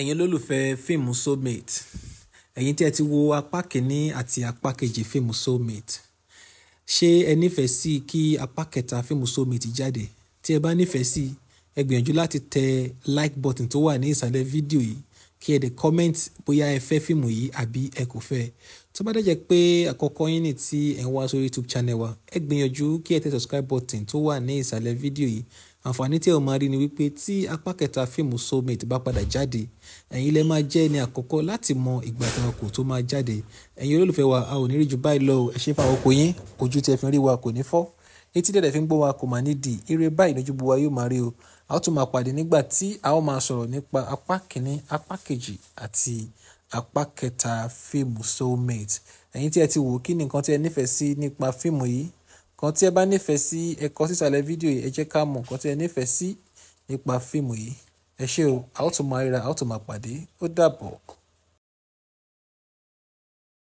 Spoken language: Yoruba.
ẹ̀yin olólùfẹ́ fíìmù soulmate ẹ̀yin tí ẹ ti wo apá kìíní àti apá kejì fíìmù soulmate ṣé ẹ nífẹ̀ẹ́ sí kí apá kẹta fíìmù soulmate jáde tí ẹ bá nífẹ̀ẹ́ sí ẹ gbìyànjú láti tẹ like button tó wà ní ìsàlẹ̀ fídíò yìí kí ẹ dẹ̀ comment bóyá ẹ fẹ́ fíìmù yìí àbí ẹ kò fẹ́ tó bá dẹ̀ jẹ́ pé àkọ́kọ́ yín ni tí ẹ wá sórí YouTube channel wa ẹ gbìyànjú kí ẹ tẹ subscribe button tó wà ní ìsàlẹ̀ fídíò yìí àǹfààní tí ẹ ò máa rí ni wípé tí apá kẹta fíìmù soulmate bá padà jáde ẹ̀yin lẹ máa jẹ́ ẹni àkọ́kọ́ láti mọ ìgbà táwọn kò tó máa jáde ẹ̀yin olólùfẹ́ wa a ò ní rí ju báyìí lọ ẹ ṣe fáwọn etí dẹ̀dẹ̀ fi ń gbọ́ wa kò mà ní di eré báyìí lójú gbogbo wa yóò máa rí o a ó tún máa pàdé nígbà tí a ó máa sọ̀rọ̀ nípa apá kìíní apá kejì àti apá kẹta fíìmù soulmate ẹ̀yin tí ẹ ti wò kí ni nǹkan tí ẹ nífẹ̀ẹ́ sí nípa fíìmù yìí kan tí ẹ bá nífẹ̀ẹ́ sí ẹ sísàlẹ̀ fídíò yìí ẹ jẹ́ ká mọ̀ nǹkan tí ẹ nífẹ̀ẹ́ sí nípa fíìmù yìí ẹ ṣé o a ó tún máa ríra a ó tún máa pàdé ó dàbọ̀.